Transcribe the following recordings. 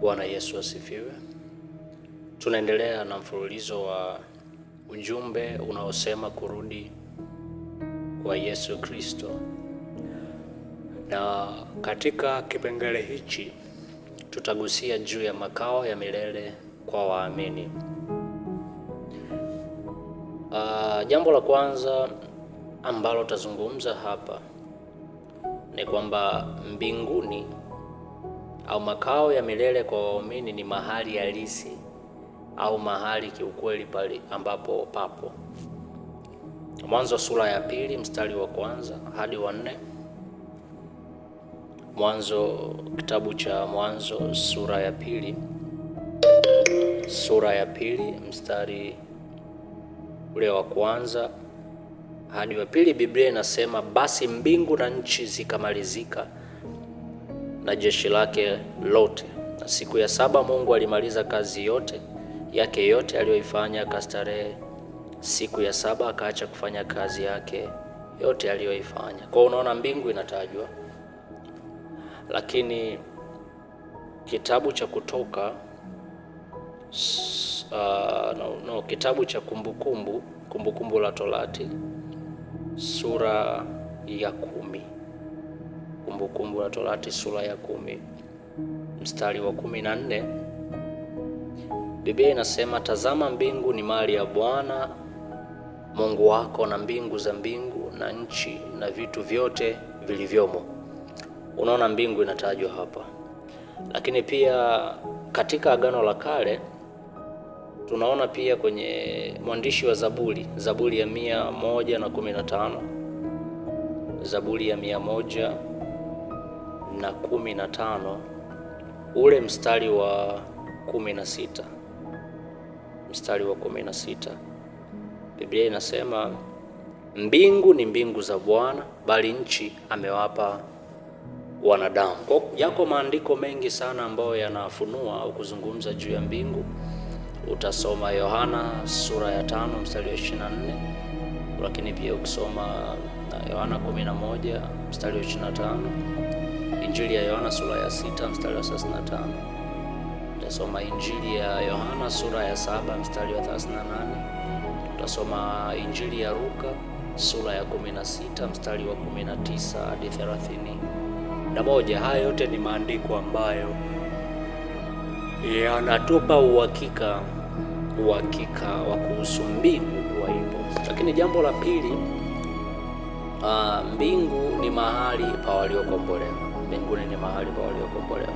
Bwana Yesu asifiwe. Tunaendelea na mfululizo wa ujumbe unaosema kurudi kwa Yesu Kristo, na katika kipengele hichi tutagusia juu ya makao ya milele kwa waamini. Uh, jambo la kwanza ambalo tutazungumza hapa ni kwamba mbinguni au makao ya milele kwa waumini ni mahali halisi au mahali kiukweli pale ambapo papo. Mwanzo sura ya pili mstari wa kwanza hadi wa nne. Mwanzo, kitabu cha Mwanzo sura ya pili sura ya pili mstari ule wa kwanza hadi wa pili, Biblia inasema basi mbingu na nchi zikamalizika na jeshi lake lote. Na siku ya saba Mungu alimaliza kazi yote yake yote aliyoifanya, akastarehe siku ya saba, akaacha kufanya kazi yake yote aliyoifanya. Kwa unaona, mbingu inatajwa, lakini kitabu cha Kutoka uh, no, no, kitabu cha Kumbukumbu, Kumbukumbu la Torati sura ya kumi Kumbukumbu la Torati sura ya kumi mstari wa kumi na nne Biblia inasema, tazama mbingu ni mali ya Bwana Mungu wako na mbingu za mbingu na nchi na vitu vyote vilivyomo. Unaona, mbingu inatajwa hapa, lakini pia katika Agano la Kale tunaona pia kwenye mwandishi wa Zaburi, Zaburi ya mia moja na kumi na tano Zaburi ya mia moja na kumi na tano ule mstari wa kumi na sita mstari wa kumi na sita Biblia inasema mbingu ni mbingu za Bwana, bali nchi amewapa wanadamu. Kwa yako maandiko mengi sana ambayo yanafunua au kuzungumza juu ya mbingu. Utasoma Yohana sura ya tano mstari wa 24 lakini pia ukisoma uh, Yohana 11 mstari wa 25 Injili ya Yohana sura ya sita mstari wa 35. Tutasoma Injili ya Yohana sura ya saba mstari wa 38. Tutasoma Injili ya Luka sura ya 16 mstari wa 19 hadi 30 na moja. Haya yote ni maandiko ambayo yanatupa uhakika uhakika wa kuhusu mbingu kuwa Lakini jambo la pili, uh, mbingu ni mahali pa waliokombolewa mbinguni ni mahali pa waliokombolewa.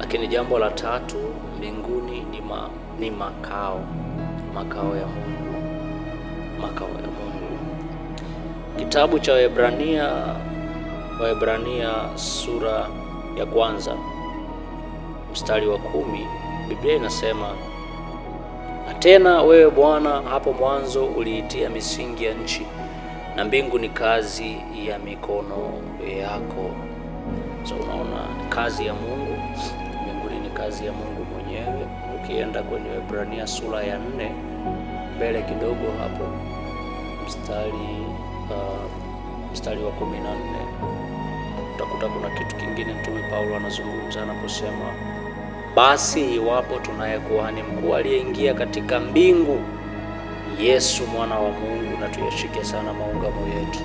Lakini jambo la tatu, mbinguni ni, ma, ni makao makao ya Mungu, makao ya Mungu. Kitabu cha Waebrania, Waebrania sura ya kwanza mstari wa kumi Biblia inasema na tena wewe Bwana hapo mwanzo uliitia misingi ya nchi, na mbingu ni kazi ya mikono yako. So unaona kazi ya Mungu mbinguni ni kazi ya Mungu mwenyewe. Ukienda kwenye Waebrania sura ya nne mbele kidogo hapo mstari uh, mstari wa kumi na nne utakuta kuna kitu kingine mtume Paulo anazungumza anaposema, basi iwapo tunaye kuhani mkuu aliyeingia katika mbingu, Yesu mwana wa Mungu, na tuyashike sana maungamo yetu.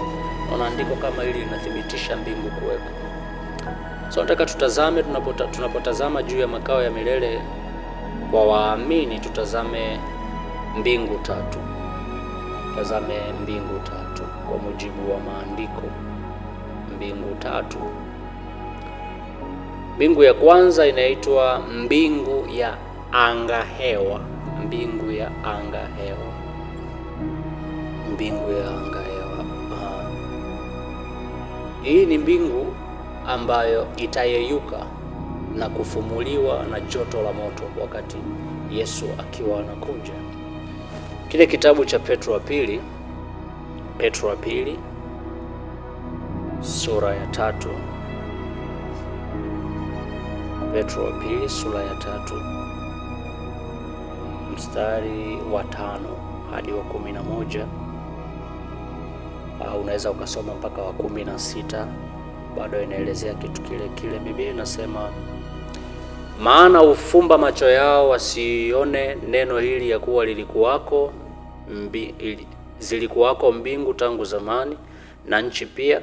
Naona andiko kama hili linathibitisha mbingu kuwepo. So nataka tutazame, tunapota, tunapotazama juu ya makao ya milele kwa waamini, tutazame mbingu tatu, tutazame mbingu tatu kwa mujibu wa maandiko, mbingu tatu. Mbingu ya kwanza inaitwa mbingu ya angahewa, mbingu ya angahewa, mbingu ya angahewa. Ah. Hii ni mbingu ambayo itayeyuka na kufumuliwa na joto la moto wakati Yesu akiwa anakuja. Kile kitabu cha Petro wa pili, Petro wa pili sura ya tatu, Petro wa pili sura ya tatu mstari wa tano hadi wa kumi na moja au ah, unaweza ukasoma mpaka wa kumi na sita bado inaelezea kitu kile kile. Biblia inasema maana ufumba macho yao wasione neno hili ya kuwa lilikuwako mbi, zilikuwako mbingu tangu zamani na nchi pia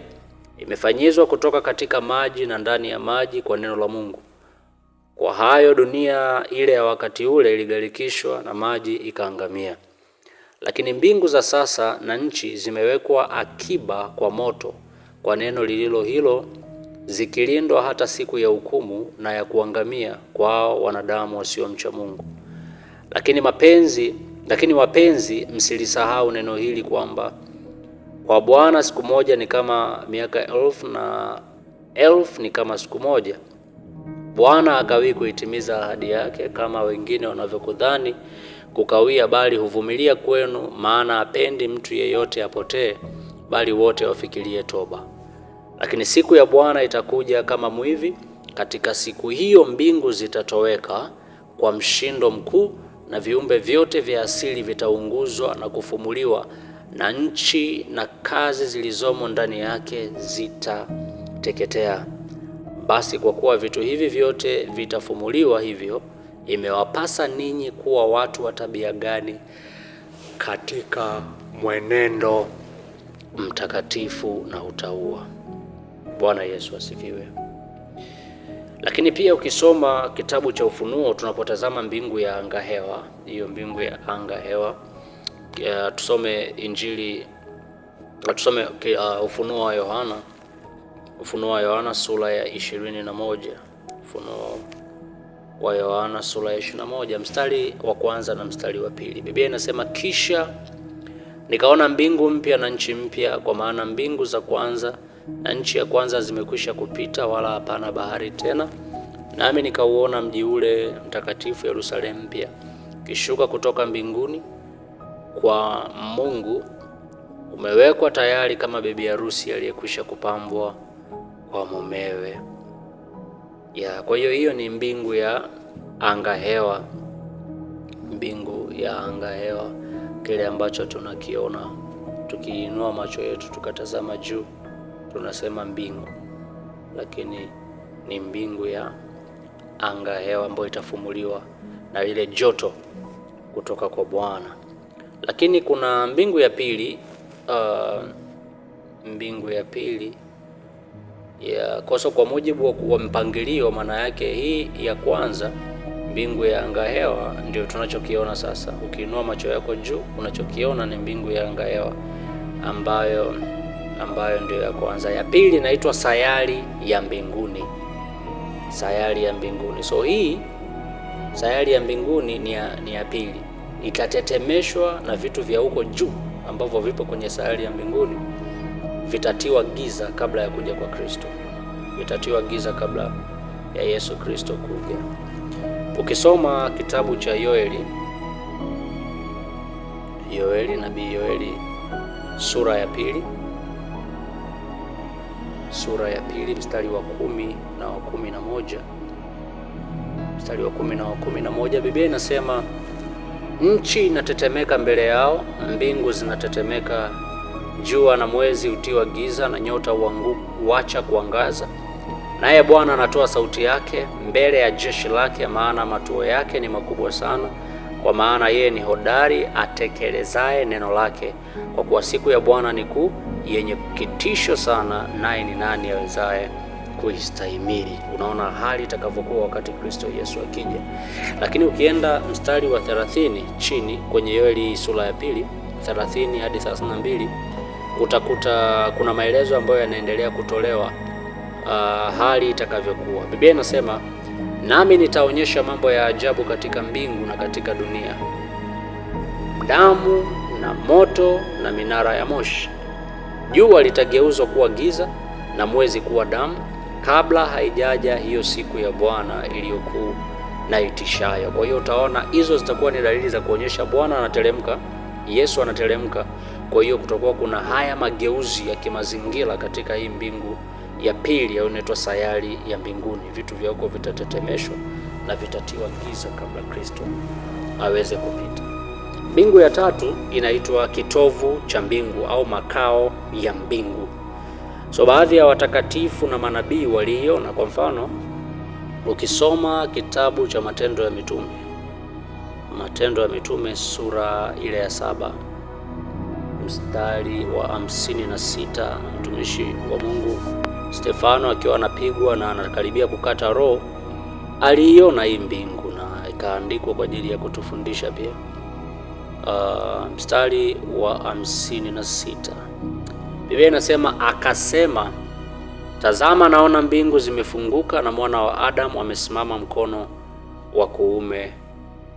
imefanyizwa kutoka katika maji na ndani ya maji kwa neno la Mungu. Kwa hayo dunia ile ya wakati ule iligharikishwa na maji ikaangamia. Lakini mbingu za sasa na nchi zimewekwa akiba kwa moto kwa neno lililo hilo, zikilindwa hata siku ya hukumu na ya kuangamia kwa wanadamu wasiomcha Mungu. Lakini mapenzi lakini wapenzi, msilisahau neno hili kwamba kwa Bwana siku moja ni kama miaka elfu na elfu ni kama siku moja. Bwana akawii kuitimiza ahadi yake kama wengine wanavyokudhani kukawia, bali huvumilia kwenu, maana apendi mtu yeyote apotee, bali wote wafikirie toba. Lakini siku ya Bwana itakuja kama mwivi, katika siku hiyo mbingu zitatoweka kwa mshindo mkuu, na viumbe vyote vya asili vitaunguzwa na kufumuliwa, na nchi na kazi zilizomo ndani yake zitateketea. Basi kwa kuwa vitu hivi vyote vitafumuliwa, hivyo imewapasa ninyi kuwa watu wa tabia gani katika mwenendo mtakatifu na utaua Bwana Yesu asifiwe. Lakini pia ukisoma kitabu cha Ufunuo tunapotazama mbingu ya anga hewa, hiyo mbingu ya anga hewa uh, tusome Injili uh, tusome uh, Ufunuo wa Yohana, Ufunuo wa Yohana sura ya ishirini na moja Ufunuo wa Yohana sura ya 21 mstari wa kwanza na mstari wa pili. Biblia inasema kisha nikaona mbingu mpya na nchi mpya, kwa maana mbingu za kwanza na nchi ya kwanza zimekwisha kupita, wala hapana bahari tena. Nami nikauona mji ule mtakatifu Yerusalemu mpya kishuka kutoka mbinguni kwa Mungu, umewekwa tayari kama bibi harusi aliyekwisha kupambwa kwa mumewe. Ya, kwa hiyo hiyo ni mbingu ya anga hewa mbingu ya anga hewa kile ambacho tunakiona tukiinua macho yetu tukatazama juu tunasema mbingu, lakini ni mbingu ya anga hewa ambayo itafumuliwa na ile joto kutoka kwa Bwana. Lakini kuna mbingu ya pili uh, mbingu ya pili ya kosa kwa mujibu wa mpangilio, maana yake hii ya kwanza mbingu ya anga hewa ndio tunachokiona sasa. Ukiinua macho yako juu, unachokiona ni mbingu ya anga hewa ambayo ambayo ndio ya kwanza. Ya pili inaitwa sayari ya mbinguni, sayari ya mbinguni. So hii sayari ya mbinguni ni ya, ni ya pili, itatetemeshwa na vitu vya huko juu ambavyo vipo kwenye sayari ya mbinguni vitatiwa giza kabla ya kuja kwa Kristo, vitatiwa giza kabla ya Yesu Kristo kuja. Ukisoma kitabu cha Yoeli, Yoeli, nabii Yoeli sura ya pili sura ya pili mstari wa kumi na wa kumi na moja mstari wa kumi na wa kumi na moja Biblia inasema nchi inatetemeka mbele yao, mbingu zinatetemeka, jua na mwezi utiwa giza, na nyota huacha kuangaza. Naye Bwana anatoa sauti yake mbele ya jeshi lake, maana matuo yake ni makubwa sana. Kwa maana yeye ni hodari atekelezaye neno lake, kwa kuwa siku ya Bwana ni kuu yenye kitisho sana, naye ni nani awezaye kuistahimili? Unaona hali itakavyokuwa wakati Kristo Yesu akija. Lakini ukienda mstari wa 30 chini kwenye Yoeli sura ya pili 30 hadi 32 utakuta kuna maelezo ambayo yanaendelea kutolewa Uh, hali itakavyokuwa. Biblia inasema, nami nitaonyesha mambo ya ajabu katika mbingu na katika dunia, damu na moto na minara ya moshi. Jua litageuzwa kuwa giza na mwezi kuwa damu kabla haijaja hiyo siku ya Bwana iliyokuu na itishayo. Kwa hiyo utaona hizo zitakuwa ni dalili za kuonyesha Bwana anateremka, Yesu anateremka. Kwa hiyo kutakuwa kuna haya mageuzi ya kimazingira katika hii mbingu ya pili au inaitwa sayari ya mbinguni. Vitu vya huko vitatetemeshwa na vitatiwa giza kabla Kristo aweze kupita. Mbingu ya tatu inaitwa kitovu cha mbingu au makao ya mbingu. So baadhi ya watakatifu na manabii waliiona. Kwa mfano, ukisoma kitabu cha Matendo ya Mitume, Matendo ya Mitume sura ile ya saba mstari wa hamsini na sita mtumishi wa Mungu Stefano akiwa anapigwa na anakaribia kukata roho aliiona hii mbingu na ikaandikwa kwa ajili ya kutufundisha pia uh, mstari wa hamsini na sita Biblia inasema akasema, tazama naona mbingu zimefunguka na mwana wa Adamu amesimama mkono wa kuume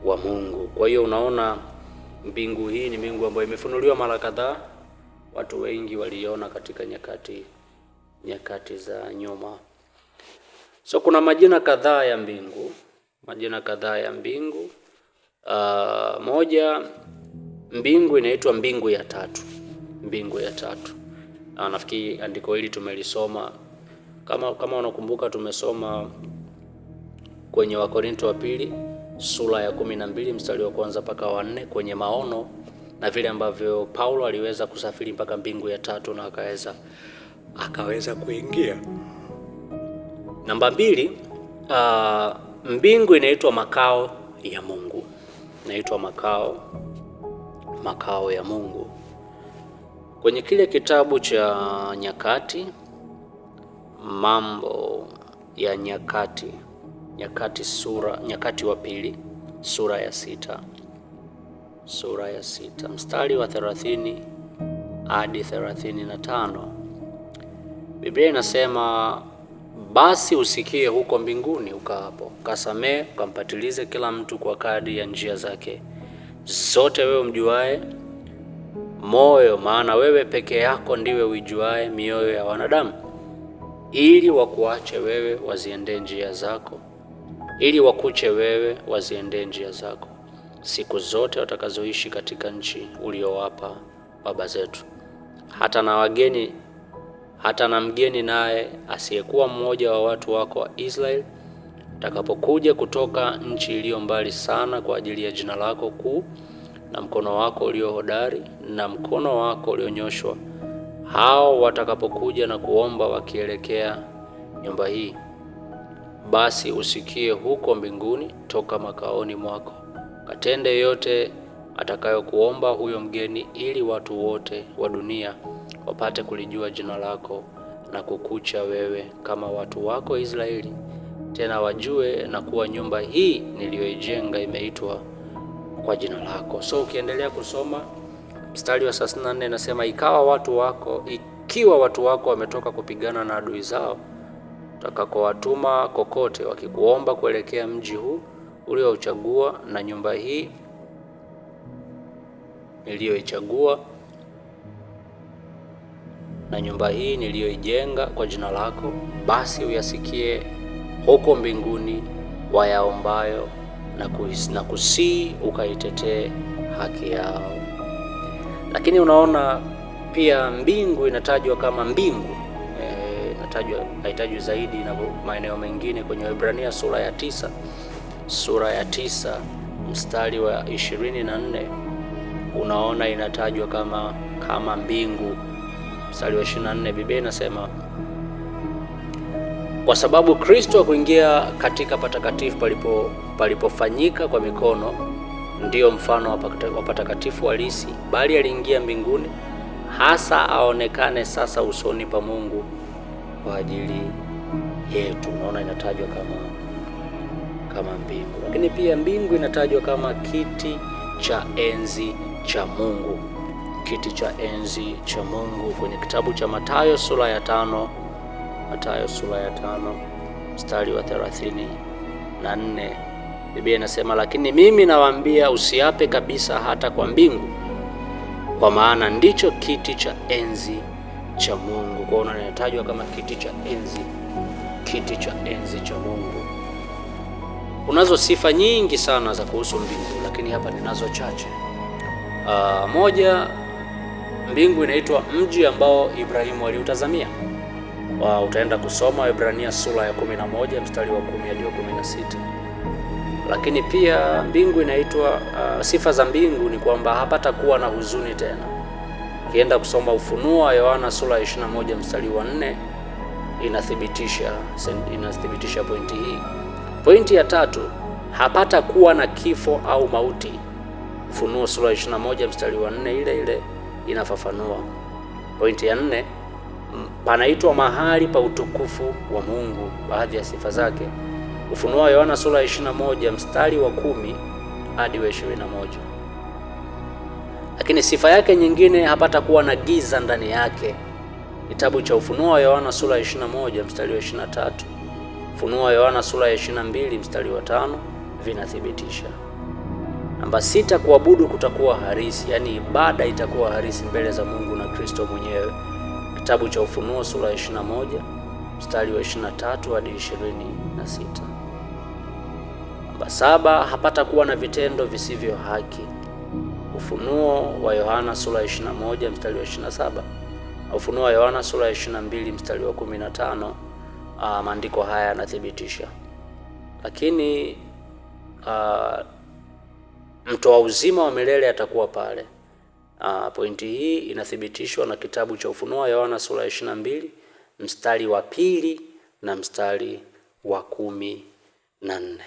wa Mungu. Kwa hiyo unaona mbingu hii ni mbingu ambayo imefunuliwa mara kadhaa, watu wengi waliona katika nyakati nyakati za nyuma. So kuna majina kadhaa ya mbingu, majina kadhaa ya mbingu uh, moja, mbingu inaitwa mbingu ya tatu, mbingu ya tatu. Uh, nafikiri andiko hili tumelisoma kama kama unakumbuka, tumesoma kwenye Wakorinto wa pili sura ya kumi na mbili mstari wa kwanza mpaka wa nne kwenye maono na vile ambavyo Paulo aliweza kusafiri mpaka mbingu ya tatu na akaweza akaweza kuingia. Namba mbili, uh, mbingu inaitwa makao ya Mungu naitwa makao makao ya Mungu. Kwenye kile kitabu cha Nyakati, mambo ya Nyakati, Nyakati sura Nyakati wa pili sura ya sita sura ya sita mstari wa 30 hadi 35 Biblia inasema basi usikie huko mbinguni ukaapo, kasamee, ukampatilize kila mtu kwa kadi ya njia zake zote, wewe mjuae moyo, maana wewe peke yako ndiwe uijuae mioyo ya wanadamu, ili wakuache wewe waziendee njia zako, ili wakuche wewe waziendee njia zako siku zote watakazoishi katika nchi uliowapa baba zetu, hata na wageni hata na mgeni naye asiyekuwa mmoja wa watu wako wa Israeli utakapokuja kutoka nchi iliyo mbali sana kwa ajili ya jina lako kuu na mkono wako ulio hodari na mkono wako ulionyoshwa, hao watakapokuja na kuomba wakielekea nyumba hii, basi usikie huko mbinguni toka makaoni mwako, katende yote atakayokuomba huyo mgeni, ili watu wote wa dunia wapate kulijua jina lako na kukucha wewe kama watu wako Israeli, tena wajue na kuwa nyumba hii niliyoijenga imeitwa kwa jina lako. So ukiendelea kusoma mstari wa 34 inasema, ikawa watu wako, ikiwa watu wako wametoka kupigana na adui zao utakakowatuma kokote, wakikuomba kuelekea mji huu uliouchagua na nyumba hii niliyoichagua na nyumba hii niliyoijenga kwa jina lako, basi uyasikie huko mbinguni wayaombayo na, na kusii ukaitetee haki yao. Lakini unaona pia mbingu inatajwa kama mbingu eh, inatajwa haitajwi zaidi na maeneo mengine kwenye Waebrania sura ya tisa sura ya tisa mstari wa ishirini na nne unaona inatajwa kama kama mbingu mstari wa 24, Biblia inasema kwa sababu Kristo kuingia katika patakatifu palipo palipofanyika kwa mikono, ndiyo mfano wa patakatifu halisi, bali aliingia mbinguni hasa aonekane sasa usoni pa Mungu kwa ajili yetu. Unaona, inatajwa kama kama mbingu, lakini pia mbingu inatajwa kama kiti cha enzi cha Mungu kiti cha enzi cha Mungu kwenye kitabu cha Mathayo sura ya tano Mathayo sura ya tano mstari wa thelathini na nne Biblia inasema, lakini mimi nawaambia usiape kabisa, hata kwa mbingu, kwa maana ndicho kiti cha enzi cha Mungu. Kwa hiyo inatajwa kama kiti cha enzi, kiti cha enzi cha Mungu. Unazo sifa nyingi sana za kuhusu mbingu, lakini hapa ninazo chache. Uh, moja Mbingu inaitwa mji ambao Ibrahimu aliutazamia. Wa utaenda kusoma ebrania sura ya 11 mstari wa 10 hadi 16. Lakini pia mbingu inaitwa uh, sifa za mbingu ni kwamba hapatakuwa na huzuni tena. Ukienda kusoma Ufunuo wa Yohana sura ya 21 mstari wa 4 inathibitisha inathibitisha pointi hii. Pointi ya tatu, hapatakuwa na kifo au mauti. Ufunuo sura ya 21 mstari wa 4 ile ile inafafanua. Pointi ya nne, panaitwa mahali pa utukufu wa Mungu, baadhi ya sifa zake. Ufunuo wa Yohana sura ya 21 mstari wa kumi hadi wa 21. Lakini sifa yake nyingine, hapatakuwa na giza ndani yake. Kitabu cha Ufunuo wa Yohana sura 21 mstari wa 23, Ufunuo wa Yohana sura ya 22 mstari wa 5 vinathibitisha Namba sita, kuabudu kutakuwa harisi, yaani ibada itakuwa harisi mbele za Mungu na Kristo mwenyewe. Kitabu cha Ufunuo sura ya 21 mstari wa 23 hadi 26. Namba saba, kuwa na vitendo visivyo haki. Ufunuo wa Yohana sura ya 21 mstari wa 27 na Ufunuo wa Yohana sura ya 22 mstari wa 15. Ah, maandiko haya yanathibitisha, lakini a, ah, mtoa uzima wa milele atakuwa pale. Uh, pointi hii inathibitishwa na kitabu cha Ufunuo Yohana sura ya ishirini na mbili mstari wa pili na mstari wa kumi na nne.